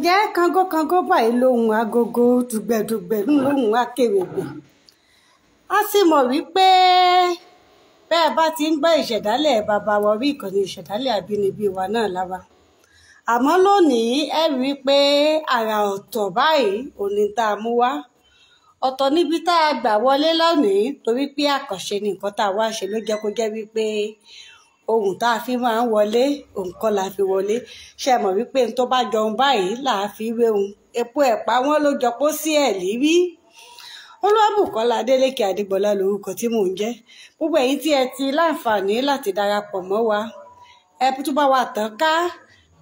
ǹjẹ́ kangókangó báyìí lóhùn agogo dùgbẹ̀dùgbẹ̀ lóhùn akèrègbè a sì mọ̀ wípé bẹ́ẹ̀ bá ti ń gbọ́ ìṣẹ̀dálẹ̀ bàbá wa orí ìkànnì ìṣẹ̀dálẹ̀ àbínibí wa náà lára àmọ́ lónìí ẹ rí i pé àrà ọ̀tọ̀ báyìí òní tá a mú wá ọ̀tọ̀ níbi tá a gbà wọlé lónìí torí pé àkànṣe ni nǹkan tá a wá ṣe ló jẹ́ kó jẹ́ wípé ohun tá a fi máa ń wọlé ohun kọ́ la fi wọlé ṣe mọ̀ wípé tó bá jọun báyìí là á fi wéhun epo ẹ̀pà wọn ló jọpọ̀ sí ẹ̀ lírí olúwàbùkọ́lá adélèké adégbọlá lórúkọ tí mò ń jẹ́ gbogbo èyí tí ẹ ti láǹfààní láti darapọ̀ mọ́ wa ẹ tún bá wa tàn ká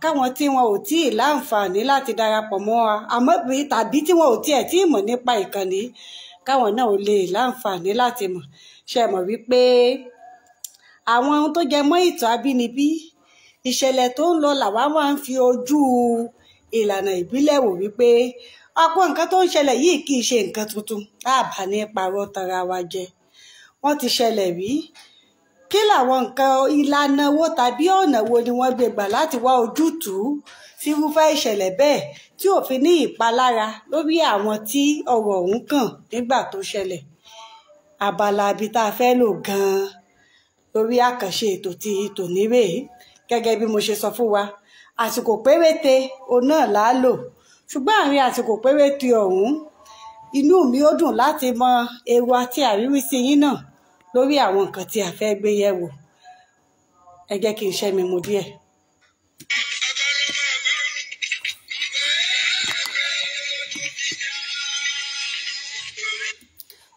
káwọn tí wọn ò tí ì láǹfààní láti darapọ̀ mọ́ wa àmọ́ tàbí tí wọn ò tí ẹ̀ tí ì mọ̀ nípa ìkànnì káwọn náà ò lè láǹfààní láti mọ̀ ṣe mọ̀ wípé àwọn ohun tó jẹ mọ́ ìtàn abínibí ìṣẹ̀lẹ̀ tó ń lọ làwa máa ń fi ojú ìlànà ìbílẹ̀ wò wípé ọ̀pọ̀ nǹkan tó ń ṣẹlẹ̀ yìí kì í ṣe nǹkan tuntun láàbà ní parọ́ tara wa jẹ wọ́n ti ṣẹlẹ̀ rí kí làwọn nǹkan ìlànà wo tàbí ọ̀nà wo ni wọ́n gbé gbà láti wá ojútùú sírúfẹ́ ìṣẹ̀lẹ̀ bẹ́ẹ̀ tí ò fi ní ìpalára lórí àwọn tí ọ̀rọ̀ ọ̀hún kàn nígbà tó ṣẹlẹ̀ abala ibi fẹ́ lò gan-an lórí àkànṣe ètò ti tòní rèé gẹ́gẹ́ bí mo ṣe sọ fún wa àsìkò péréte òun náà là á lò ṣùgbọ́n àárín àsìkò péréte ọ̀hún inú mi ó dùn láti mọ ewu àti àríwísí yín náà lórí àwọn nǹkan tí a fẹ́ gbé yẹ̀ wò ẹ jẹ́ kí n ṣẹ́ mi mu díẹ̀.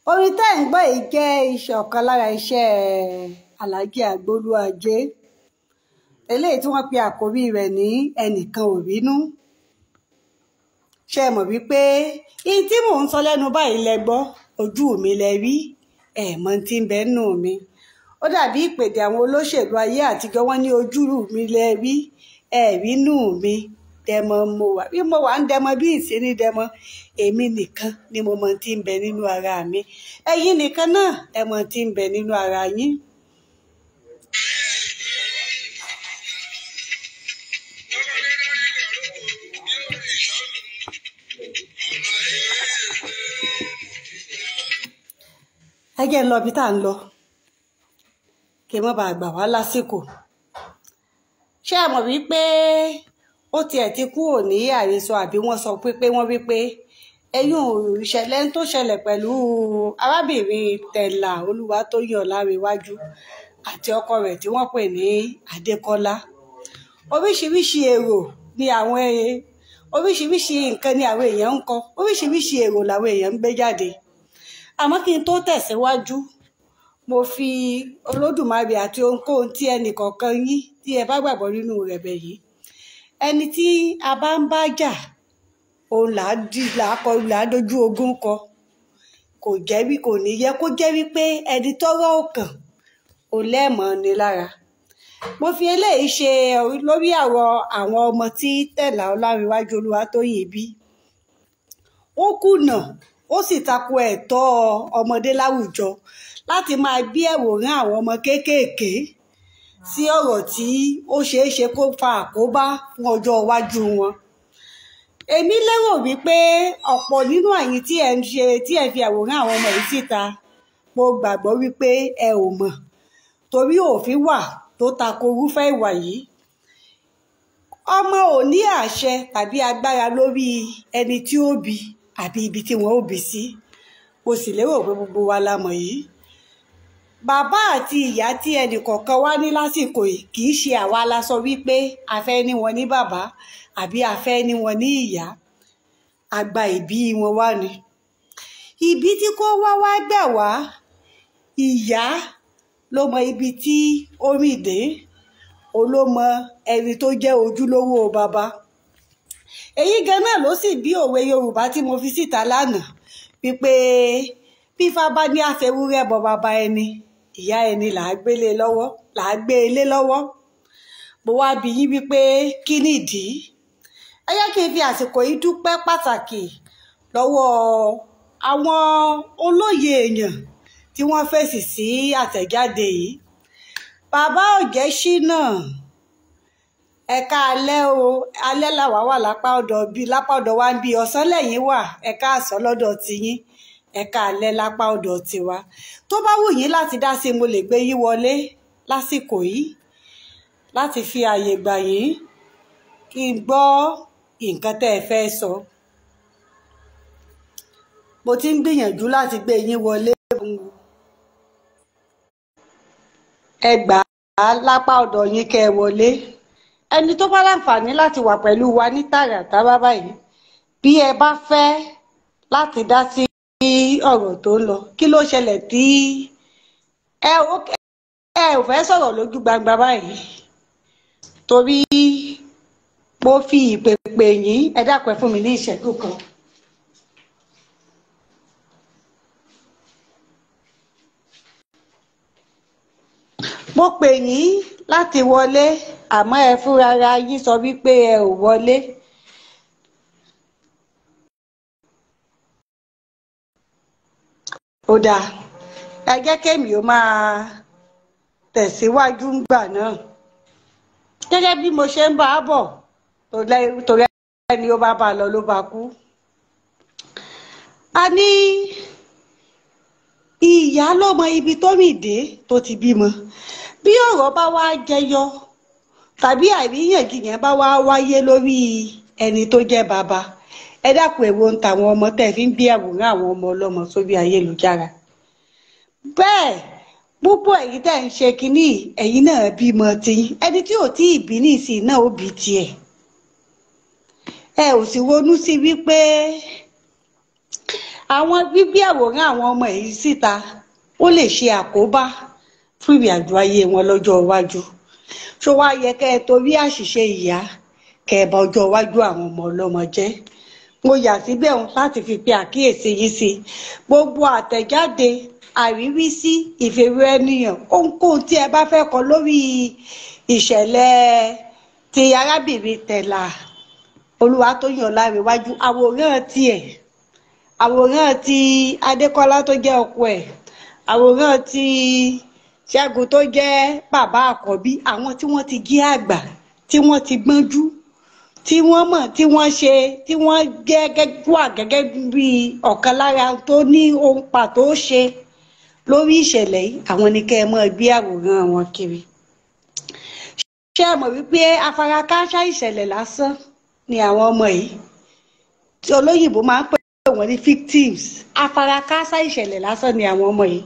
orin tẹ́ ń gbọ́ yìí jẹ́ iṣẹ́ ọ̀kan lára iṣẹ́ ẹ̀ aláàjì agbolúajé eléyìí tí wọ́n pe àkórí rẹ̀ ní ẹnìkan ò rínú ṣe mọ̀ wípé ihun tí mò ń sọ lẹ́nu báyìí lẹ gbọ́ ojú mi lẹ rí ẹ̀mọ́ tí ń bẹ nù mi ó dàbí ìpèdè àwọn olóṣèlú ayé àtijọ́ wọn ní ojú mi lẹ rí ẹ̀rí nù mi dẹmọ mo wà bí mo wà ń dẹmọ bí ìsinmi dẹmọ èmi nìkan ni mo mọ tí ń bẹ nínú ara mi ẹ̀yin nìkan náà ẹ mọ tí ń bẹ nínú ara yín. ẹ jẹ́ ń lọ ibi tá à ń lọ kí n má bàa gbà wá lásìkò ṣé ẹ mọ̀ wípé ó tiẹ̀ ti kúrò ní àhesọ àbí wọ́n sọ pé wọ́n wípé ẹ̀yìn ìṣẹ̀lẹ̀ tó ṣẹlẹ̀ pẹ̀lú arábìnrin tẹ̀là olúwatóyìn ọ̀lárẹ̀wájú àti ọkọ rẹ̀ tí wọ́n pè ní adékọ́lá oríṣiríṣi èrò ni àwọn oríṣiríṣi nǹkan ni àwọn èèyàn ń kọ oríṣiríṣi èrò làwọn èèyàn ń gbé jáde àmọ́ kí n tó tẹ̀síwájú mo fi olódùmarè àti ohunkóhun tí ẹnì kọ̀ọ̀kan yín tí ẹ bá gbàgbọ́ nínú rẹ̀ bẹ̀ yìí ẹni tí a bá ń bá jà òun là á dojú ogun kọ kò jẹ́ bí kò ní yẹ kó jẹ́ wípé ẹni tọ́rọ̀ ọkàn ò lẹ́ẹ̀mọ́ ni lára mo fi eléyìí ṣe lórí àwọ àwọn ọmọ tí Tẹ̀là Ọlámiwájú Olúwatóyìn bí ó kùnà ó sì tako ẹ̀tọ́ ọmọdé láwùjọ láti máa bí ẹ̀wòrán àwọn ọmọ kéékèèké sí ọ̀rọ̀ tí ó ṣeé ṣe kó fa àkóbá fún ọjọ́ iwájú wọn. èmi lérò wípé ọ̀pọ̀ nínú ẹ̀yin tí ẹ̀ ń ṣe tí ẹ̀ fi àwòrán àwọn ọmọ yìí síta mo gbàgbọ́ wípé ẹ ò mọ̀ torí òfin wà tó tako irúfẹ́ ìwà yìí ọmọ ò ní àṣẹ tàbí agbára lórí ẹni tí ó bí àbí ibi tí wọ́n ó bí sí mo sì lérò pé gbogbo wa la mọ̀ yìí bàbá àti ìyá tí ẹnìkọ̀ọ̀kan wá ní lásìkò yìí kì í ṣe àwa la sọ wípé a fẹ́ ní wọn ní bàbá àbí a fẹ́ ní wọn ní ìyá àgbà ìbí wọn wá ni ibi tí kò wá wá gbà wá ìyá ló mọ ibi tí ó rìn dé olómọ ẹni tó jẹ́ ojúlówó bàbá èyí ganan ló sì bí òwe yorùbá tí mo fi síta lánàá wípé fífa bá ní àfẹwúrẹ́ bọ bàbá ẹni ìyá ẹni là á gbélé lọ́wọ́ là á gbé ilé lọ́wọ́ mo wá bi yín wípé kí nìdí ẹ yẹ kí n fi àsìkò yìí dúpẹ́ pàtàkì lọ́wọ́ àwọn olóye èèyàn tí wọ́n fèsì sí àtẹ̀jáde yìí bàbá ọ̀jẹ̀ ṣí náà ẹ̀ka alẹ́ o alẹ́ làwa wà lápá ọ̀dọ̀ bíi lápá ọ̀dọ̀ wa ń bí ọ̀sán lẹ́yìn wà ẹ̀ka àsán lọ́dọ̀ tiyín ẹ̀ka alẹ́ lápá ọ̀dọ̀ tiwa tó bá wù yín láti dá sí i mo lè gbé yín wọlé lásìkò yìí láti fi ààyè gbà yín kí n gbọ́ nǹkan tẹ́ ẹ fẹ́ sọ mo ti ń gbìyànjú láti gbé yín wọlé ẹ gbà á lápá ọ̀dọ̀ yín kẹ́ ẹ wọlé ẹni tó bá láǹfààní láti wà pẹ̀lú wa ní tààrà tábà báyìí bí ẹ bá fẹ́ láti dá sí ọ̀rọ̀ tó ń lọ kí ló ṣẹlẹ̀ tí ẹ ò fẹ́ sọ̀rọ̀ lójú gbangba báyìí torí mo fi ìpèpè yín ẹ dákun ẹ fún mi ní ìṣẹ́jú kan. mo pè yín láti wọlé àmọ́ ẹ fúnra yín sọ wípé ẹ ò wọlé. ó dáa ẹ jẹ́ kémi ó máa tẹ̀síwájú ńgbà náà gẹ́gẹ́ bí mo ṣe ń bá a bọ̀ torí ẹni ó bá bá a lọ ló bá kú. a ní ìyá lọ́mọ ibi tó dé tó ti bímọ bí ọ̀rọ̀ bá wá jẹyọ tàbí àríyànjiyàn bá wá wáyé lórí ẹni tó jẹ́ bàbá ẹ dákun èwo ń tàwọn ọmọ tẹ́ fi ń gbé àwòrán àwọn ọmọ ọlọ́mọ sórí ayélujára bẹ́ẹ̀ púpọ̀ èyí tẹ́ ń ṣe kínní ẹ̀yin náà bímọ tiyín ẹni tí ò tí ì bí ní ìsìn náà ó bí tiẹ̀ ẹ ò sì ronú sí wípé àwọn gbígbé àwòrán àwọn ọmọ yìí síta ó lè ṣe àkóbá fún ìrìnàjò ayé wọn lọ́jọ́ iwájú ṣó wáá yẹ kẹ́ ẹ torí àṣìṣe ìyá kẹ́ ẹ bà ọjọ́ iwájú àwọn ọmọ ọlọ́mọ jẹ́ mo yà síbẹ̀ òun láti fi pe àkíyèsí yìí sí gbogbo àtẹ̀jáde àríwísí ìfèrè ènìyàn ohunkóhun tí ẹ bá fẹ́ kọ lórí ìṣẹ̀lẹ̀ ti arábìnrin tẹ̀là Olúwatóyìn Ọlárewájú àwòrán tiẹ̀ àwòrán ti Adékọ́lá tó jẹ́ ọkọ ẹ̀ àwòrán ti ṣẹ́gun tó jẹ́ bàbá àkọ́bí àwọn tí wọ́n ti gé àgbà tí wọ́n ti gbọ́njú tí wọ́n mọ̀ tí wọ́n ṣe tí wọ́n jẹ́ wà gẹ́gẹ́ bí ọ̀kan lára tó ní ohun pàtó ṣe lórí ìṣẹ̀lẹ̀ yìí àwọn ni kẹ́ ẹ mọ́ gbé àwòrán wọn kiri. ṣé ẹ mọ̀ wípé afárá káṣá ìṣẹ̀lẹ̀ lásán ni àwọn ọmọ yìí tí olóyìnbó máa ń pè wọ́n ní victims afárá káṣá ìṣẹ̀lẹ̀ lásán ni àwọn ọmọ yìí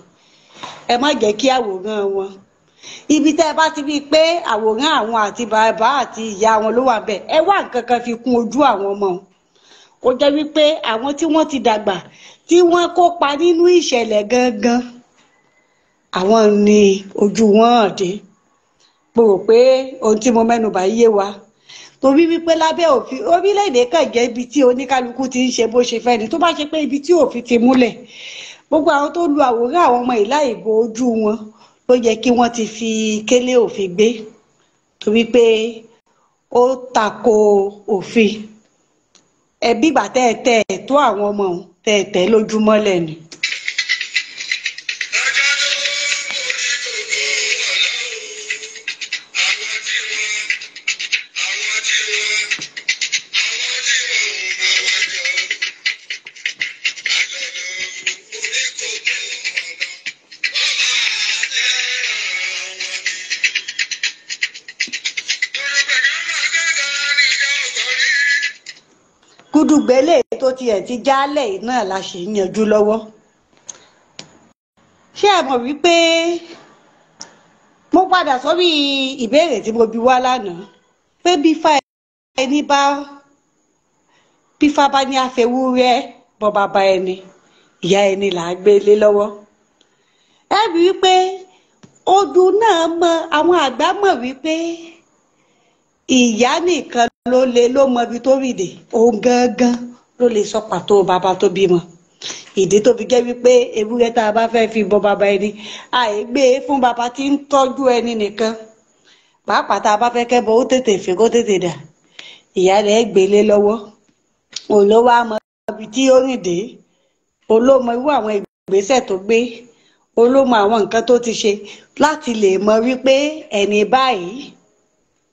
ẹ má jẹ́ kí àwòrán wọn ibi tẹ́ ẹ bá ti rí i pé àwòrán àwọn àti bàbá àti ìyá wọn ló wà bẹ́ẹ̀ ẹ wá nǹkan kan fi kún ojú àwọn ọmọ ó jẹ́ wípé àwọn tí wọ́n ti dàgbà tí wọ́n kópa nínú ìṣẹ̀lẹ̀ gangan àwọn ni ojú wọn hàn dé mo rò pé ohun tí mo mẹ́nubà yé wa torí wípé lábẹ́ òfin orílẹ̀-èdè kan jẹ́ ibi tí oníkálukú ti ń ṣe bó ṣe fẹ́ ni tó bá ṣe pé ibi tí òfin ti múlẹ̀ gbogbo àwọn tó lu àwòrán àwọn ọmọ yìí láì ojú wọn ló yẹ kí wọ́n ti fi kélé òfin gbé torí pé ó tako òfin ẹbí ìgbà tẹ́ẹ̀tẹ́ tó àwọn ọmọ tẹ́ẹ̀tẹ́ lójúmọ́ lẹ́nu. gudugbele tó tiẹ̀ ti jálẹ̀ náà la ṣe ń yanjú lọ́wọ́ ṣé ẹ mọ̀ wípé mo padà sórí ìbéèrè tí mo bi wá lánàá pé bífá ẹni bá bífá bá ní afẹ́wúrẹ́ bọ́ bàbá ẹni ìyá ẹni là á gbé lé lọ́wọ́ ẹ rí wípé odù náà mọ àwọn àgbà mọ̀ wípé ìyá nìkan ló lè ló mọ ibi tó rìdè òun gangan ló lè sọ pàtó bàbá tó bímọ ìdí tó fi jẹ́ wípé ewúrẹ́ tá a bá fẹ́ fi bọ bàbá ẹni àìgbé e fún bàbá tí ń tọ́jú ẹni nìkan pàápàá tá a bá fẹ́ kẹ́bọ ó tètè fi kó tètè dà ìyálẹ̀ gbélé lọ́wọ́ olówó àmọ́ ibi tí ó rìn dé olómọ irú àwọn ìgbésẹ̀ tó gbé olómọ àwọn nǹkan tó ti ṣe láti lè mọ wípé ẹni báyìí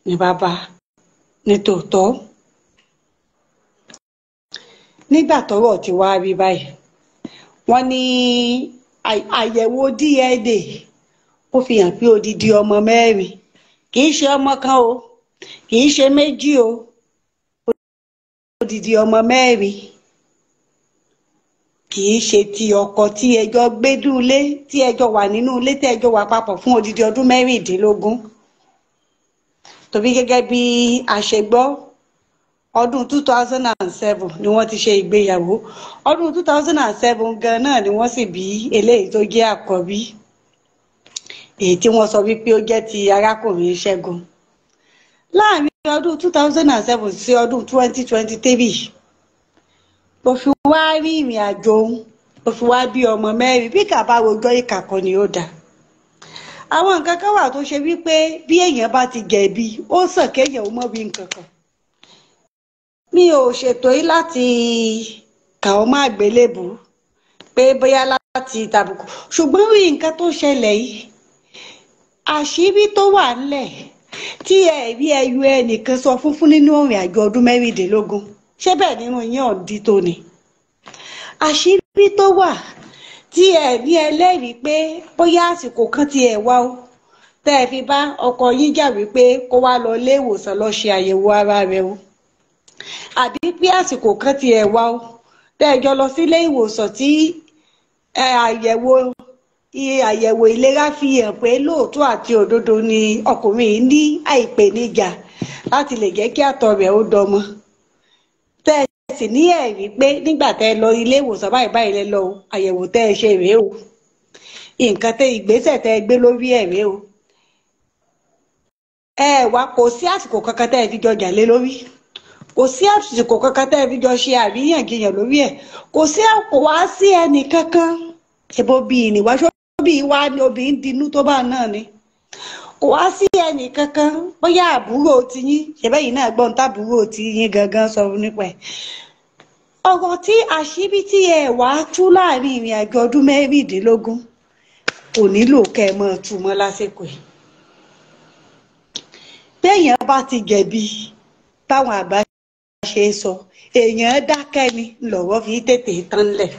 ni bàbá ní tòótọ́ nígbà tọ́rọ̀ ti wá rí báyìí wọ́n ní àyẹ̀wò DNA ó fi hàn pé odidi ọmọ mẹ́rin kì í ṣe ọmọ kan o kì í ṣe méjì o odidi ọmọ mẹ́rin kì í ṣe ti ọkọ tí ẹjọ́ gbẹdúlé tí ẹjọ́ wà nínú ilé tí ẹjọ́ wà papọ̀ fún odidi ọdún mẹ́rìndínlógún torí gẹ́gẹ́ bí a ṣe ọdún two ni wọ́n ti ṣe ìgbéyàwó ọdún two gan náà ni wọ́n sì bí eléyìí tó jẹ́ àkọ́bí èyí tí wọ́n sọ wípé ó jẹ́ ti arákùnrin Ṣẹ́gun láàrin ọdún two thousand and seven sí ọdún twenty twenty three ló fi wá rí ìrìn àjò òun fi wá bí ọmọ mẹ́rin bí kàbá rojọ́ ìkàkọ́ ni ó dáa àwọn nǹkan kan wà tó ṣe wípé bí èèyàn bá ti jẹ̀bi ó sàn kéèyàn ó mọ̀ wí nǹkan kan mi ò ṣètò yìí láti kà ọ́ má gbélébù pé bóyá láti tàbùkù ṣùgbọ́n rí nǹkan tó ṣẹlẹ̀ yìí àṣírí tó wà ńlẹ̀ tí ẹ̀rí ẹyọ ẹnìkan sọ fúnfún nínú òrìn àjò ọdún mẹ́rìndínlógún ṣé bẹ́ẹ̀ nínú yín ọ̀dí tó ni àṣírí tó wà tí ẹ ní ẹlẹ́rìí pé bóyá àsìkò kan tí ẹ wá o tẹ́ ẹ fi bá ọkọ yín jà wípé kó wá lọ ilé ìwòsàn lọ ṣe àyẹ̀wò ara rẹ o àbí pé àsìkò kan tí ẹ wá o tẹ́ ẹ jọ lọ sílé ìwòsàn tí àyẹ̀wò àyẹ̀wò ìlera fi hàn pé lóòótọ́ àti òdodo ni ọkùnrin ní àìpèníjà láti lè jẹ́ kí àtọ̀ rẹ̀ ó dọmọ sì ní ẹ̀rí pé nígbà tẹ́ ẹ lọ ilé ìwòsàn báyìí báyìí lẹ lọ o àyẹ̀wò tẹ́ ẹ ṣe rèé o nǹkan tẹ́ ìgbésẹ̀ tẹ́ ẹ gbé lórí ẹ̀ rèé o ẹ wá kò sí àsìkò kankan tẹ́ ẹ fi jọ jà lé lórí kò sí àsìkò kankan tẹ́ ẹ fi jọ ṣe àríyànjiyàn lórí ẹ̀ kò sí àpò wá sí ẹnì kankan ẹ̀bọ bíi ìníwájú bíi wá ni obìnrin dinú tó bá náà ni kò wá sí ẹnì kankan bóyá àbúrò tiyín ṣẹbẹ́yìn náà gbọ́n tábúrò tiyín gangan sọ nípa ẹ̀ ọ̀rọ̀ tí àṣírí tí ẹ wá tú láàrin ìrìn àjò ọdún mẹ́rìndínlógún kò nílò kẹ́ ẹ máa tú mọ́ lásìkò ẹ̀ téèyàn bá ti jẹ̀bi táwọn àbá ṣe sọ èèyàn dákẹ́ ni lọ́wọ́ fi tètè tán lẹ̀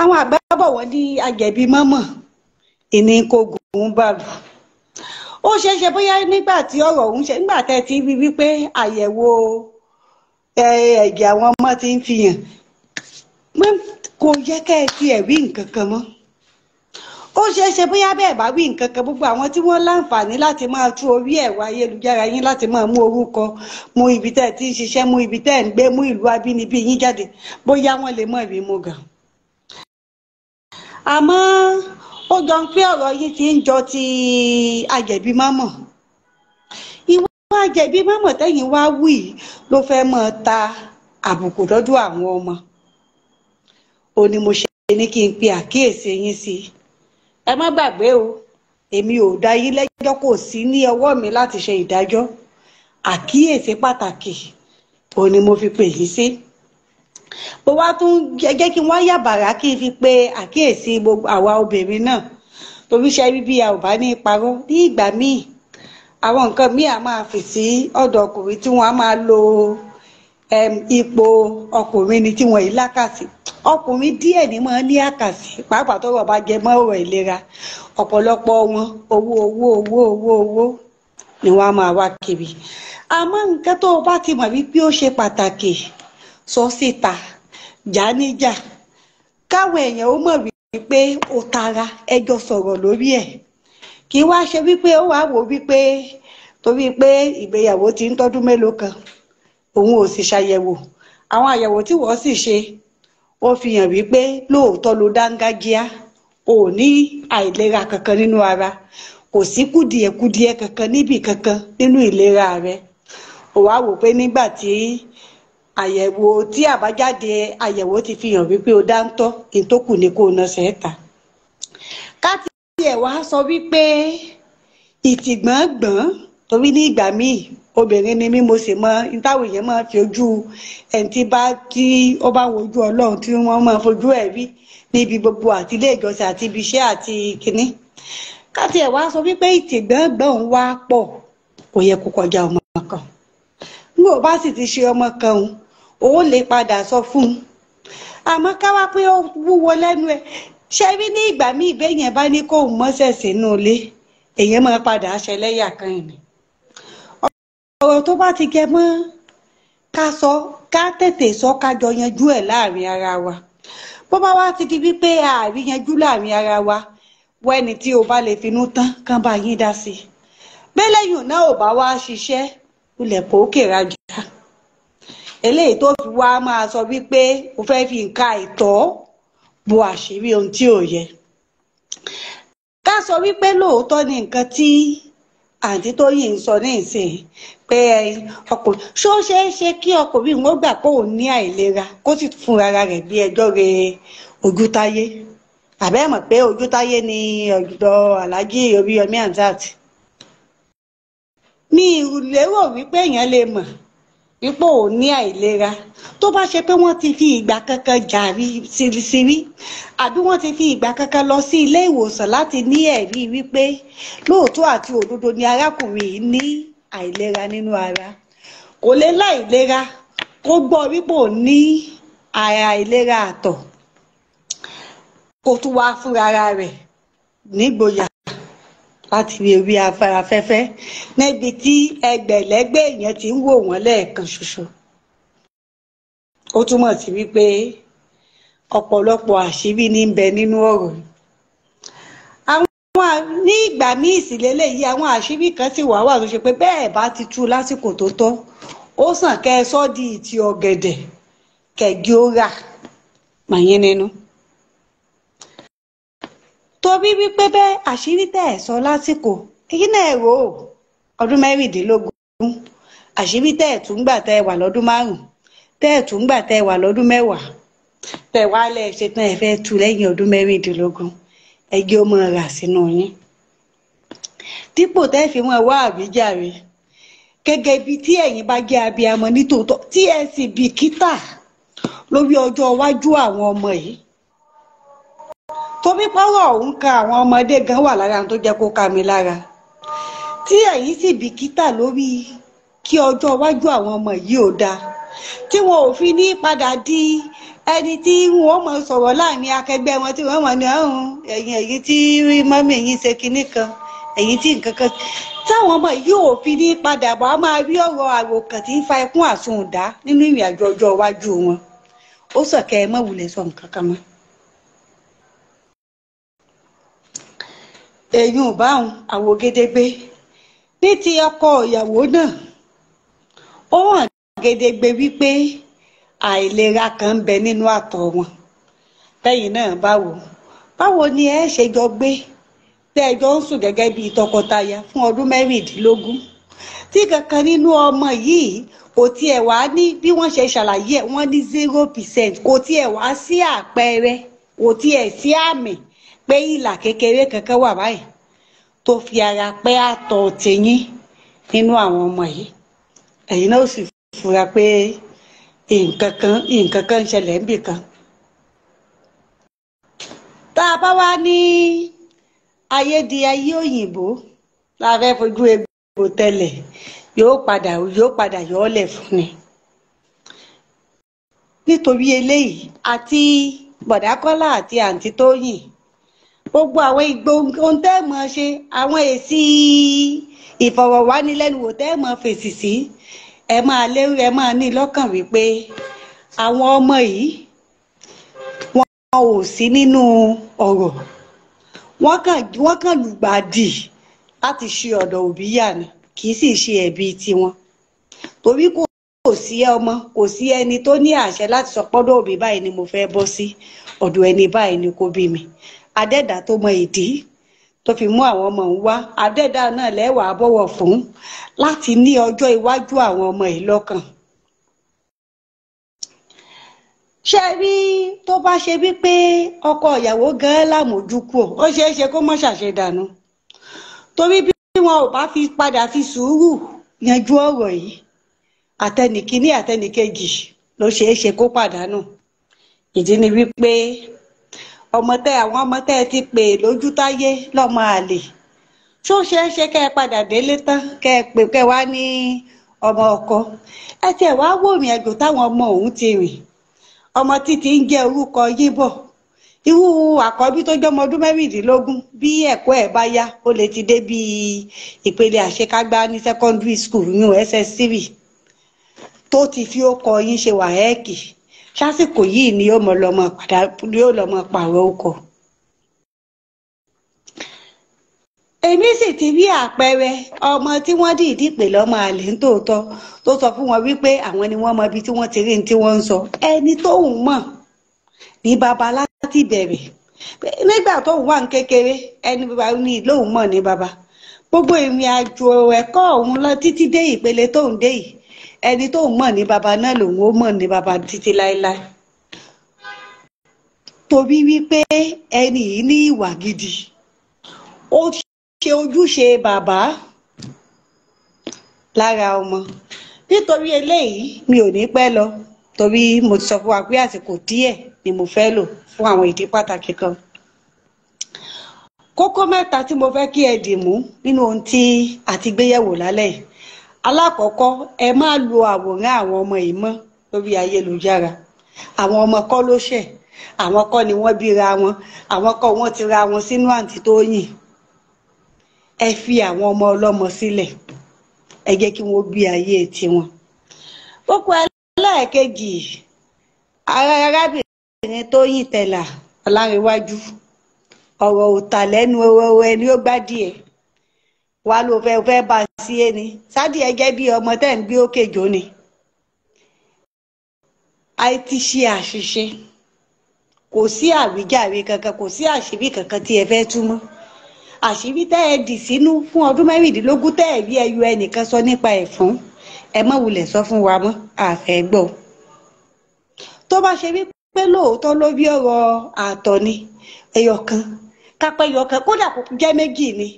àwọn àgbà bọ̀ wọ́n ní àjẹ̀bí mọ́mọ́ ìní kò gùn bàlù ó ṣeé ṣe bóyá nígbà tí ọ̀rọ̀ ọ̀hún ṣe nígbà tẹ́ ti rí wípé àyẹ̀wò ẹ̀jẹ̀ àwọn ọmọ ti ń fi hàn kò yẹ kẹ́ ẹ tiẹ̀ rí nǹkan kan mọ́ ó ṣeé ṣe bóyá bẹ́ẹ̀ bá wí nǹkan kan gbogbo àwọn tí wọ́n láǹfààní láti máa tú orí ẹ̀rọ ayélujára yín láti máa mú orúkọ mú ibi tẹ́ ẹ ti ń ṣiṣẹ́ mú ibi tẹ́ ẹ ń gbé mú ìlú abínibí yín jáde bóyá wọ́n lè mọ̀ rí mú gan. àmọ́ ó jọ ń pé ọ̀rọ̀ yìí ti ń jọ ti àjẹ̀bí mọ́mọ́ ìwọ àjẹ̀bí mọ́mọ́ tẹ́yìn wá wí ló fẹ́ mọ́ ta àbùkù lọ́dọ̀ àwọn ọmọ ó ní mo ṣe ní kí n pe àkíyèsí yín sí i ẹ má gbàgbé o èmi ò dá yín lẹ́jọ́ kò sí ní ọwọ́ mi láti ṣe ìdájọ́ àkíyèsí pàtàkì ó ní mo fi pè yín sí. Si mo wá tún jẹ́ kí n wá yàbàrá kí n fi pe àkíyèsí gbogbo àwa obìnrin náà torí ṣe bíbí a ò bá ní parọ́ ní ìgbà míì àwọn nǹkan míì a máa fi sí ọ̀dọ̀ ọkùnrin tí wọ́n á máa lo ipò ọkùnrin ni tí wọ́n yìí lákàsí ọkùnrin díẹ̀ ni máa ní àkàsí pàápàá tọ́rọ̀ bá jẹ mọ́ ọ̀rọ̀ ìlera ọ̀pọ̀lọpọ̀ wọn owó owó owó owó owó ni wọ́n á máa wá kiri àmọ́ nǹkan tó o bá ti mọ̀ wípé ó ṣe pàtàkì sọ síta jà níjà káwọn èèyàn ó mọ̀ wípé o tara ẹjọ́ sọ̀rọ̀ lórí ẹ̀ kì í wá ṣe wípé ó wàá wò wípé torí pé ìgbéyàwó ti ń tọ́dún mélòó kan òun ò sì ṣàyẹ̀wò àwọn àyẹ̀wò tí wọ́n sì ṣe ó fi hàn wípé lóòótọ́ ló dángájíá ò ní àìlera kankan nínú ara kò sí kùdìẹ̀kudìẹ kankan níbì kankan nínú ìlera rẹ ò wá wò pé nígbà tí àyẹ̀wò tí àbájáde àyẹ̀wò ti fi hàn wípé o dáńtọ́ kí n tó kù ní kó o nọsẹ̀ ta. ká tiẹ̀ wá sọ wípé ìtìgbọ̀ngbọ̀n torí ní ìgbà míì obìnrin ni mí mo sì mọ táwọn èèyàn máa fi ojú ẹni tí bá tí ó bá wojú ọlọ́run tí wọ́n máa fojú ẹ̀ rí níbi gbogbo àti ilé ìjọsìn àti ibi iṣẹ́ àti kínní ká tiẹ̀ wá sọ wípé ìtìgbọ̀ngbọ̀n wá pọ̀ kò yẹ kó kọjá ọmọ kan n ò bá sì ti ṣe ọmọ kan ó lè padà sọ fún un àmọ́ ká wá pé ó wúwo lẹ́nu ẹ̀ ṣe rí ní ìgbà míì béèyàn bá ní kó o mọ́sẹ̀ sínú ilé èèyàn máa padà ṣẹlẹ́yà kan ìní ọ̀rọ̀ tó bá ti jẹ mọ́ ká sọ ká tètè sọ ká jọ yanjú ẹ̀ láàrin ara wa bó bá wá ti di wípé àárín yanjú láàrin ara wa wẹ́ni tí o bá lè finú tán kán bá yín dá sí i bẹ́lẹ́yìn náà ò bá wá ṣiṣẹ́ ilẹ̀ kò kéra eléyìí tó fi wá máa sọ wípé o fẹ́ fi nǹkan àìtọ́ bo àṣírí ohun tí ò yẹ ká sọ wípé lóòótọ́ ni nǹkan tí àǹtí tó yìí ń sọ ní ìsìn pé ọkùnrin ṣó ṣeé ṣe kí ọkùnrin wọn gbà kó òun ní àìlera kó sì fún ara rẹ̀ bí ẹjọ́ re ojútáyé àbẹ́ mọ̀ pé ojútáyé ni ọ̀dọ̀ aláàjì oríyọmí hamzat mi ì lérò wípé èèyàn lè mọ̀ ipò ò ní àìlera tó bá ṣe pé wọ́n ti fi ìgbà kankan jàrí sírísírí àbí wọ́n ti fi ìgbà kankan lọ sí ilé ìwòsàn láti ní ẹ̀rí wípé lóòótọ́ àti òdodo ni arákùnrin yìí ní àìlera nínú ara kò lè láìlera kó gbọ́ wípé ò ní àìlera àtọ̀ kó tún wá fúnra rẹ̀ nígboyà láti ewé afárafẹ́fẹ́ níbi tí ẹgbẹ̀lẹ́gbẹ̀ èèyàn ti ń wò wọ́n lẹ́ẹ̀kan ṣoṣo. ó túmọ̀ sí wípé ọ̀pọ̀lọpọ̀ àṣírí ní ń bẹ nínú ọ̀rọ̀ yìí. àwọn ní ìgbà míì sì lélẹ́yìí àwọn àṣírí kan sì wà wà tó ṣe pé bẹ́ẹ̀ bá ti tú lásìkò tó tọ́ ó sàn kẹ́ ẹ sọ́ di ìtì ọ̀gẹ̀dẹ̀ kẹ̀gí ó rà màyín nínú torí wípé bẹ́ẹ̀ àṣírí tẹ̀ ẹ̀ sọ lásìkò èyí náà ẹ̀ rò ó ọdún mẹ́rìndínlógún àṣírí tẹ̀ ẹ̀ tún gbà tẹ̀ ẹ̀ wà lọ́dún márùn-ún tẹ́ ẹ̀ tún gbà tẹ́ ẹ wà lọ́dún mẹ́wàá tẹ́ wá lẹ́ ẹ ṣetán ẹ fẹ́ tu lẹ́yìn ọdún mẹ́rìndínlógún ẹ jẹ́ rà sínú yín. dípò tẹ́ ẹ fi wọn wá àwíjàre gẹ́gẹ́ bí tí ẹ̀yin bá jẹ́ abiyamọ nítòótọ́ tí ẹ sì bìkítà lórí ọjọ́ iwájú àwọn ọmọ yìí torí pọ́rọ̀ ń ka àwọn ọmọdé gan wà lára tó jẹ́ kó ka mi lára tí ẹ̀yin sì bìkítà lórí kí ọjọ́ iwájú àwọn ọmọ yìí ò dáa tí wọn ò fi ní padà di ẹni tí wọn mọ sọ̀rọ̀ láàrin akẹgbẹ́ wọn tí wọ́n mọ̀ ní ọ̀hún ẹ̀yin ẹ̀yin tí rí mọ́mí ẹ̀yin ṣe kinní kan ẹ̀yin tí nǹkan kan táwọn ọmọ yìí ò fi ní padà bọ̀ á máa rí ọ̀rọ̀ àròkàn tí ń fa ẹkún àsundà nínú ìrìn àjò ọjọ́ iwájú wọn ó sọ̀kẹ́ ẹ mọ̀ wulẹ̀ sọ nǹkan kan mọ́. èyí ò báwọn àwò gédégbé ní ti ọkọ ìyàwó náà ó hàn gédégbé wípé àìlera kan ń bẹ nínú àtọ̀ wọn tẹ́yìn náà báwo báwo ni ẹ ṣe jọ gbé tẹ́ ẹ jọ ń sùn gẹ́gẹ́ bíi tọkọtaya fún ọdún mẹ́rìndínlógún tí kankan nínú ọmọ yìí kò tiẹ̀ wá ní bí wọ́n ṣe ṣàlàyé ẹ̀ wọ́n ní zero percent kò tiẹ̀ wá sí àpẹẹrẹ kò tiẹ̀ sí àmì pé ìlà kékeré kankan wà báyìí tó fi ara pẹ́ àtọ̀ tẹ̀yìn nínú àwọn ọmọ yìí ẹ̀yin náà sì fura pé nǹkan kan nǹkan kan ń ṣẹlẹ̀ níbì kan. tá a bá wá ní ayé di ayé òyìnbó la fẹ́ fojú egbò tẹ́lẹ̀ yóò padà yóò padà yọ ọ́ lẹ̀ fún ni. nítorí eléyìí àti bọ̀dákọ́lá àti àǹtí tóyìn gbogbo àwọn ohun tẹ́ ẹ̀ mọ̀ ṣe àwọn èsì ìfọ̀rọ̀wánilẹ́nuwò tẹ́ ẹ̀ mọ̀ fèsì sí ẹ máa lérú ẹ máa ní lọ́kàn wípé àwọn ọmọ yìí wọn ò sí nínú ọ̀rọ̀ wọ́n kàn wọ́n kàn lùgbàdì láti ṣe ọ̀dọ̀ òbí yà ni kì í sì ṣe ẹ̀bi tiwọn torí kò kò sí ọmọ kò sí ẹni tó ní àṣẹ láti sọ pọ́dọ̀ òbí báyìí ni mo fẹ́ bọ́ sí ọ̀dọ̀ ẹni báyìí ni kò bí mi adẹ́dà tó mọ ìdí tó fi mú àwọn ọmọ òun wá adẹ́dà náà lẹ́wàá bọ̀wọ̀ fún láti ní ọjọ́ iwájú àwọn ọmọ yìí lọ́kàn. ṣé rí tó bá ṣe wípé ọkọ ìyàwó gan-an lámòjúkú ó ṣeé ṣe kó mọ́ ṣàṣedànù torí bí wọn ò bá fi padà fi sùúrù yanjú ọ̀rọ̀ yìí àtẹnìkíní àtẹnìkejì ló ṣeé ṣe kó pàdánù ìdí ni wípé ọmọ tẹ àwọn ọmọ tẹ ẹ ti pè lójú táyé lọmọ àlè ṣó ṣeé ṣe kẹ ẹ padà délé tán kẹ ẹ pè kẹ wá ní ọmọ ọkọ ẹ tiẹ̀ wá wò rìn àjò táwọn ọmọ òun ti rìn ọmọ títí ń jẹ́ orúkọ yíbọ irú àkọ́bí tó jọmọ ọdún mẹ́rìndínlógún bí ẹ̀kọ́ ẹ̀ bá yá ó lè ti dé bí ìpele àṣekágbá ní secondary school yún ss3 tó ti fi ó kọ yín ṣe wàhẹ́ẹ̀kì sásìkò yìí ni yóò mọ lọmọ padà yóò lọmọ pààrọ̀ ọkọ. èmi sì ti rí àpẹẹrẹ ọmọ tí wọ́n dìídì pè lọ́mọ àlè ń tòótọ́ tó sọ fún wọn wípé àwọn ni wọ́n mọ ibi tí wọ́n ti rí ní tí wọ́n ń sọ ẹni tóun mọ̀ ní baba láti bẹ̀rẹ̀ nígbà tóun wà ní kékeré ẹni baba ní lóun mọ̀ ní baba gbogbo ìrìn àjò ẹ̀kọ́ òun lọ títí dé ìpele tóun dé yìí ẹni tó mọ̀ ní baba náà lòun ó mọ̀ ní baba títí láéláé torí wípé ẹni yìí ní ìwà gidi ó ṣe ojúṣe bàbá lára ọmọ nítorí eléyìí mi ò ní pẹ́ lọ torí mo ti sọ fún wa pé àsìkò díẹ̀ ni mo fẹ́ lò fún àwọn ìdí pàtàkì kan kókó mẹ́ta tí mo fẹ́ kí ẹ dì mú nínú ohun tí a ti gbéyẹ̀wò lálẹ́ yìí alákọ̀ọ́kọ́ ẹ má lo àwòrán àwọn ọmọ yìí mọ́ lórí ayélujára àwọn ọmọ kọ́ ló ṣẹ̀ àwọn kọ́ ni wọ́n bíra wọn àwọn kọ́ wọ́n ti ra wọn sínú àǹtí Tóyìn ẹ fi àwọn ọmọ ọlọ́mọ sílẹ̀ ẹ jẹ́ kí wọ́n bí ayé tiwọn. kókó ẹlẹ́ẹ̀kejì ara arábìnrin Tóyìn Tẹ̀là Ọlárewájú ọ̀rọ̀ òtà lẹ́nu ọ̀rọ̀ ẹni ó gbá díẹ̀ wà ló fẹ́ fẹ́ bá sí é ni sádìẹ jẹ́ bí ọmọ tẹ́ ń gbé òkè jò ni a ti ṣe àṣìṣe kò sí àwíjàre kankan kò sí àṣírí kankan tí ẹ fẹ́ túmọ̀ àṣírí tẹ́ ẹ dì sínú fún ọdún mẹ́rìndínlógún tẹ́ ẹ rí ẹyọ ẹnìkan sọ nípa ẹ̀ fún ẹ mọ̀ wulẹ̀ sọ fún wa mọ́ àfẹ́ gbọ́ tó bá ṣe wí pé lóòótọ́ ló bí ọ̀rọ̀ àtọ̀ ni ẹyọ kan kódà kò jẹ́ méjì ni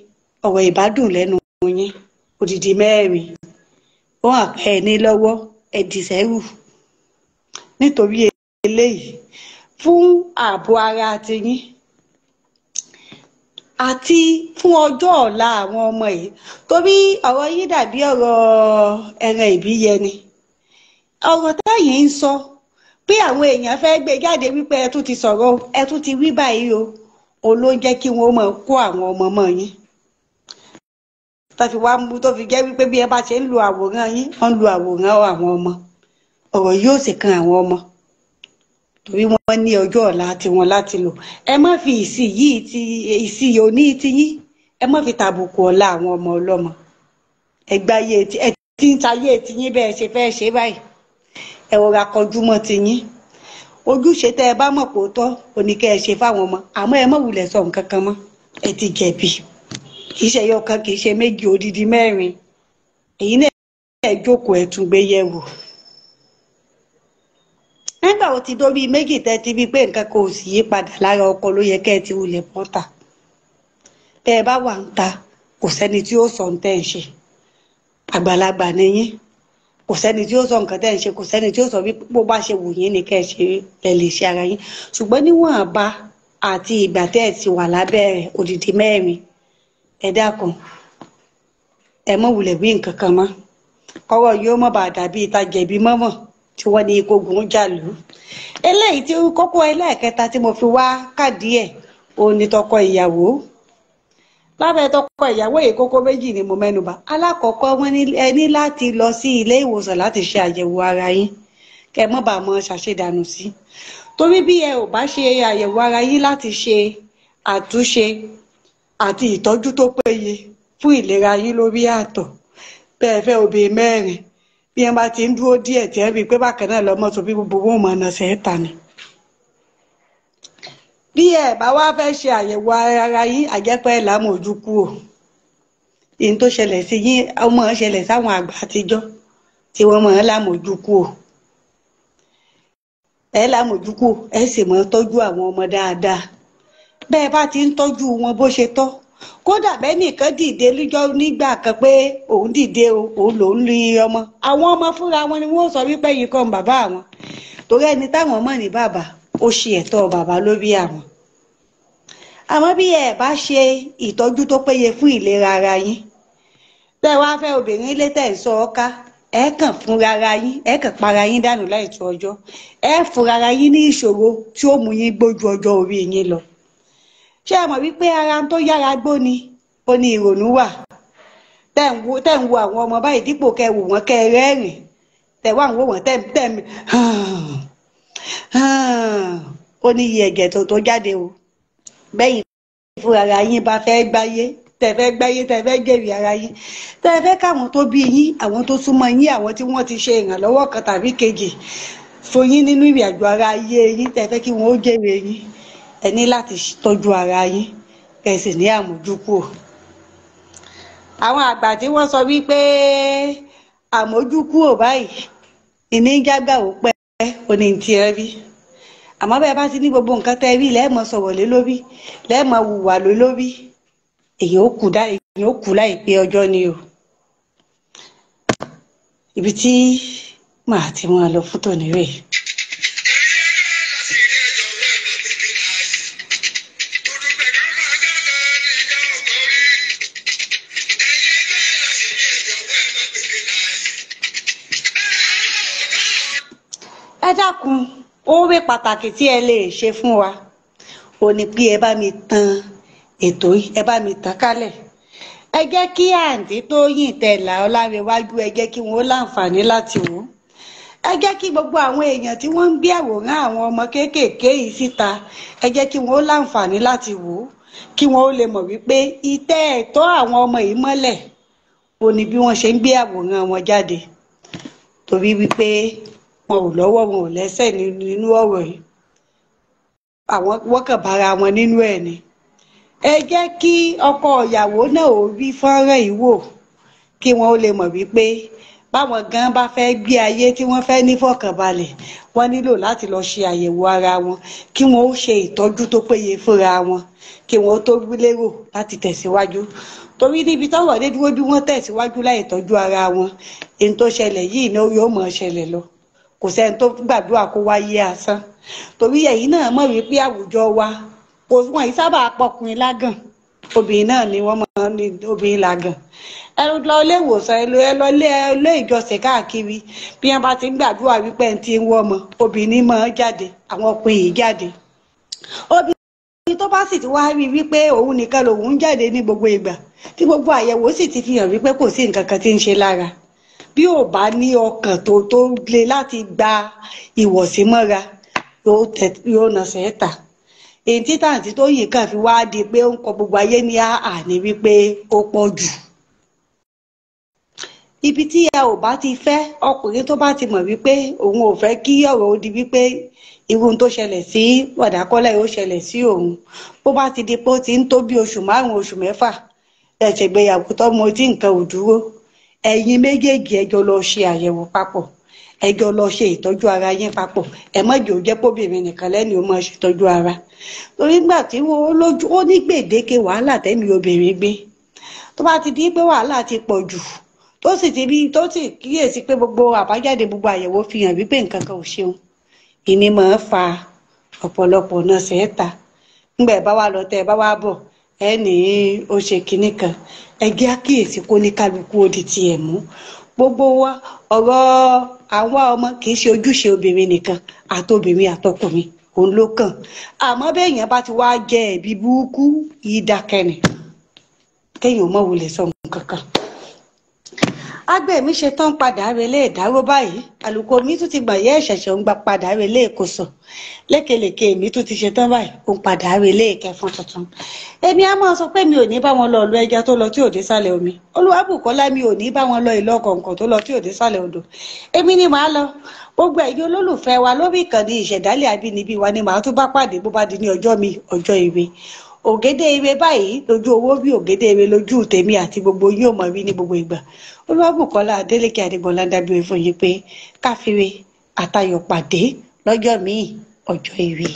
ọ̀rọ̀ ìbádùn lẹ́nu yín odidi mẹ́rin ó hàn pé ẹ ní lọ́wọ́ ẹ dì sẹ́rù nítorí eléyìí fún ààbò ara ti yín àti fún ọjọ́ ọ̀la àwọn ọmọ yìí torí ọ̀rọ̀ yìí dàbí ọ̀rọ̀ ẹran ìbíyẹni ọ̀rọ̀ táyìn ń sọ pé àwọn èèyàn fẹ́ gbé jáde wípé ẹ tún ti sọ̀rọ̀ ẹ tún ti wí báyìí o òun ló ń jẹ́ kí wọ́n máa kó àwọn ọmọ mọ́ yín tá fi wá mú tó fi jẹ́ wípé bí ẹ bá ṣe ń lo àwòrán yín wọ́n ń lo àwòrán àwọn ọmọ ọ̀rọ̀ yóò sì kan àwọn ọmọ torí wọ́n ní ọjọ́ ọ̀la tiwọn láti lò ẹ má fi ìsì yìí ti ìsì òní ti yín ẹ má fi tàbùkù ọ̀la àwọn ọmọ ọlọ́mọ ẹgbà yé ti ẹ ti ń tayé ti yín bẹ́ẹ̀ ṣe fẹ́ ṣe báyìí ẹ rọra kọjú mọ́ ti yín ojúṣe tẹ́ ẹ bá mọ̀ pé ó tọ́ òní kẹ́ ẹ ṣe fáwọn ọmọ àmọ́ ẹ má wulẹ̀ sọ nǹkan kan mọ́ ẹ ti jẹ̀bi kì í ṣe ẹyọ kan kì í ṣe méjì odidi mẹ́rin èyí náà ẹ jókòó ẹ tún gbé yẹ̀wò nígbà wo ti dóbi méjì tẹ́ ti rí pé nǹkan kan ò sì yí padà lára ọkọ ló yẹ kẹ́ ẹ ti wulẹ̀ pọ́ńtà tẹ́ ẹ bá wà ń ta kò sẹ́ni tí ó sọ nǹkan ṣe àgbàlagbà ni yín kò sẹ́ni tí ó sọ nǹkan tẹ́ ń ṣe kò sẹ́ni tí ó sọ bí bó bá ṣe wù yín ni kẹ́ ẹ ṣe ẹ lè ṣe ara yín ṣùgbọ́n níwọ̀n àbá àti ìgbà tẹ́ ẹ ti wà lábẹ́ òdìdí mẹ́rin ẹ dákun ẹ mọ wulẹ̀ wí nǹkan kan mọ́ kọ́wọ́ yóò mọ̀ bá dàbí ìta jẹ̀bi mọ́mọ́ tí wọ́n ní ikogun jà lù ú eléyìí tí kókó ẹlẹ́ẹ̀kẹta tí mo fi wá kàdí ẹ̀ òun ni tọkọ ìyàwó lábẹ́ tọkọ ìyàwó yìí kókó méjì ni mo mẹ́nuba alákọ̀ọ́kọ́ wọn ẹ ní láti lọ sí ilé ìwòsàn láti ṣe àyẹ̀wò ara yín kẹ́ mọ́ bá mọ́ ṣàṣedànù sí torí bí ẹ ò bá ṣe àyẹ̀wò ara yín láti ṣe àtúnṣe àti ìtọ́jú tó péye fún ìlera yín lórí àtọ̀ bẹ́ẹ̀ fẹ́ obìnrin mẹ́rin bí wọ́n bá ti ń dúró díẹ̀ tí wọ́n rí i pé bákan náà lọ́mọ tó bí gbogbo wọn mọ̀nà sẹ́ẹ̀ta ni. bí ẹ bá wá fẹ́ ṣe àyẹ̀wò ara yín àjẹpẹ́ làmójú kú o ìyẹn tó ṣẹlẹ̀ sí yín ọmọ ṣẹlẹ̀ sáwọn àgbà àtijọ́ tí wọ́n mọ̀ ẹ́ làmójú kú o ẹ làmójú kú ẹ sì mọ̀ tọ́jú àwọn ọmọ dáadáa bẹ́ẹ̀ bá ti ń tọ́jú wọn bó ṣe tọ́ kódà bẹ́ẹ̀ nìkan dìde lójọ́ nígbà kan pé òun dìde òun lòún lu ọmọ àwọn ọmọ fúnra wọn ni wọ́n sọ wípé yìí kan bàbá àwọn torí ẹni táwọn mọ̀ ní bàbá ó ṣe ẹ̀tọ́ bàbá ló bí àwọn àmọ́ bí ẹ bá ṣe ìtọ́jú tó péye fún ìlera ara yín bẹ́ẹ̀ wá fẹ́ obìnrin ilé tẹ̀ ń sọ ọ́ ẹ kàn fún rara yín ẹ kàn para yín dànù láìtó ọjọ́ ẹ fún rara yín ní ìṣòro tí ó mú yín gbójú ọjọ́ orí yín lọ ṣé ẹ mọ̀ wípé ara tó yára gbó ni ó ní ìrònú wà tẹ́ ń wo àwọn ọmọ báyìí dípò kẹ́ wò wọ́n kẹ́ rẹ́rìn tẹ́ wà ń wò wọ́n tẹ́ tẹ́ mi ó ní iye ẹ̀jẹ̀ tó jáde o bẹ́yìn fúnra yín bá fẹ́ gbáyé tẹ́ fẹ́ gbáyé tẹ́ fẹ́ jèrè ara yín tẹ́ fẹ́ káwọn tó bí yín àwọn tó súnmọ́ yín àwọn tí wọ́n ti ṣe ìrànlọ́wọ́ kan tàbí kejì so nínú ìrìn àjò ara ayé yín tẹ́ fẹ́ kí wọ́n ó jèrè yín ẹ ní láti tọ́jú ara yín kẹ́ sì ní àmójúkúrò àwọn àgbà tí wọ́n sọ wípé àmójúkúrò báyìí ìní jágbà ò pẹ́ òní ti ẹ rí àmọ́ bẹ́ẹ̀ bá ti ní gbogbo nǹkan tẹ́ rí lẹ́ẹ̀mọ́ sọ̀rọ̀ lé lórí lẹ́ẹ̀mọ́ hùwà lé lórí èyí ó kù dá èyí ó kù láìpẹ́ ọjọ́ ni o ibi tí màá ti wọn lọ fún tòní rèé. dákun òwe pàtàkì tí ẹ lè ṣe fún wa ò ní pé ẹ bá mi tan ètò yìí ẹ bá mi tàn kálẹ̀ ẹ jẹ́ kí àǹtí Tóyìn Tẹ̀là Ọlárewájú ẹ jẹ́ kí wọ́n láǹfààní láti wò ó ẹ jẹ́ kí gbogbo àwọn èèyàn tí wọ́n ń gbé àwòrán àwọn ọmọ kéékèèké yìí síta ẹ jẹ́ kí wọ́n láǹfààní láti wò ó kí wọ́n ó lè mọ̀ wípé ìtẹ́ ẹ̀tọ́ àwọn ọmọ yìí mọ́lẹ̀ ò ní bí wọ́n ṣe ń gbé àwòrán wọn jáde torí wípé wọn ò lọ́wọ́ wọn ò lẹ́sẹ̀ nínú ọ̀rọ̀ yìí àwọn wọ́n bára wọn nínú ẹ̀ ni ẹ jẹ́ kí ọkọ ìyàwó náà ò rí fọ́nrán yìí wò kí wọ́n lè mọ̀ wípé báwọn gan bá fẹ́ gbé ayé tí wọ́n fẹ́ ní fọkànbalẹ̀ wọ́n nílò láti lọ ṣe àyẹ̀wò ara wọn kí wọ́n ó ṣe ìtọ́jú tó péye fúnra wọn kí wọ́n tó lérò láti tẹ̀síwájú torí níbi táwọn ọ̀dẹ́dúró bí wọ́n tẹ̀síwájú láì tọ́jú ara wọn èyí tó ṣẹlẹ̀ yìí ni yóò mọ̀ ṣẹlẹ̀ lọ kò sẹ́ni tó gbàdúrà kó wáyé asán torí ẹ̀yin náà mọ̀ wípé àwùjọ wa kò wọ́n yìí sábà pọkùnrin lágàn obìnrin náà ni wọ́n máa ní obìnrin làgàn ẹ lọ ilé ìwòsàn ẹ lọ ẹ lọ ilé ilé ìjọsìn káàkiri bí wọ́n bá ti ń gbàdúrà wípé ẹ ti ń wọ ọmọ obìnrin máa jáde àwọn ọkùnrin yìí jáde obìnrin tó bá sì ti wá rí wípé òun nìkan lòun ń jáde ní gbogbo ìgbà tí gbogbo àyẹ̀wò sì ti fi hàn wípé kò sí nǹkan kan tí ń ṣe lára bí ò bá ní ọkàn tó tó le láti gba ìwọ̀sí mọ́ra yóò nà sẹ́ẹ̀tà èyí tí tàǹtí tó yìí kàn fi wá di pé ó ń kọ gbogbo ayé ní àà ní wípé ó pọ̀ jù ibi tí a ò bá ti fẹ́ ọkùnrin tó bá ti mọ̀ wípé òun ò fẹ́ kí ọ̀rọ̀ ó di wípé irú tó ṣẹlẹ̀ sí wàdàkọ́lẹ̀ ó ṣẹlẹ̀ sí òun bó bá ti di pé ó ti ń tó bí oṣù márùn-ún oṣù mẹ́fà ẹ̀ṣẹ̀gbéyàwó tọ́mọ tí nǹkan ò dúró ẹ̀yin méjèèjì ẹ jọ lọ ṣe àyẹ̀wò papọ̀ ẹ jọ lọ ṣe ìtọ́jú ara yín papọ̀ ẹ má jò jẹ́ pọ́bìnrin nìkan lẹ́nu ó máa ṣètọ́jú ara torí nígbà tí wọ́n lójú ó ní gbèdéke wàhálà tẹ́mi obìnrin gbé tó bá ti di pé wàhálà ti pọ̀ jù tó sì ti rí tó sì kíyèsí pé gbogbo àbájáde gbogbo àyẹ̀wò fi hàn wípé nǹkan kan ò ṣeun ìní máa ń fa ọ̀pọ̀lọpọ̀ náà ṣẹ́ẹ̀ta ńgbà ẹ̀ bá wà lọ tẹ́ ẹ bá wà bọ̀ ẹ ní ó ṣe kinní kan ẹgbẹ́ àkíyèsí kó ní kálukú ó di tiẹ̀ mú gbogbo wa ọ̀rọ̀ àwa ọmọ kì í ṣe ojúṣe obìnrin nìkan àtobìnrin àtọkùnrin òun ló kàn àmọ́ bẹ́ẹ̀ yẹn bá ti wá jẹ ẹ̀bi burúkú yìí dákẹ́ni kéèyàn mọ̀ wulẹ̀ sọ nǹkan agbẹ̀mí ṣetán padà relé ìdáró báyìí àlùkò mi tún ti gbàyẹ́ ìṣẹ̀ṣẹ̀ ń gba padà relé ìkóso lékelèké mi tún ti ṣetán báyìí ó ń padà relé ìkẹfọn tuntun èmi á máa sọ pé mi ò ní bá wọn lọ ọ̀lọ́ ẹja tó lọ tí òde sálẹ̀ omi olúwàbùkọ́lá mi ò ní bá wọn lọ ìlọ kọ̀ọ̀kan tó lọ tí òde sálẹ̀ odò èmi ni màá lọ gbogbo ẹ̀yin olólùfẹ́ wa lórí ìkànnì ìṣẹ̀dálẹ̀ abínibí wa ni màá tún bá pàdé bó bá di ní ọjọ́ mi ọjọ́ ìwé ògédé ire báyìí lójú owó bí ògédé ire lójú tèmi àti gbogbo yóò mọ rí ní gbogbo ìgbà olúwàbùkọ́lá adélèké adégbọlá dábìrì fún yín pé káfíre àtayọ̀ pàdé lọ́jọ́ míì ọjọ́ ire.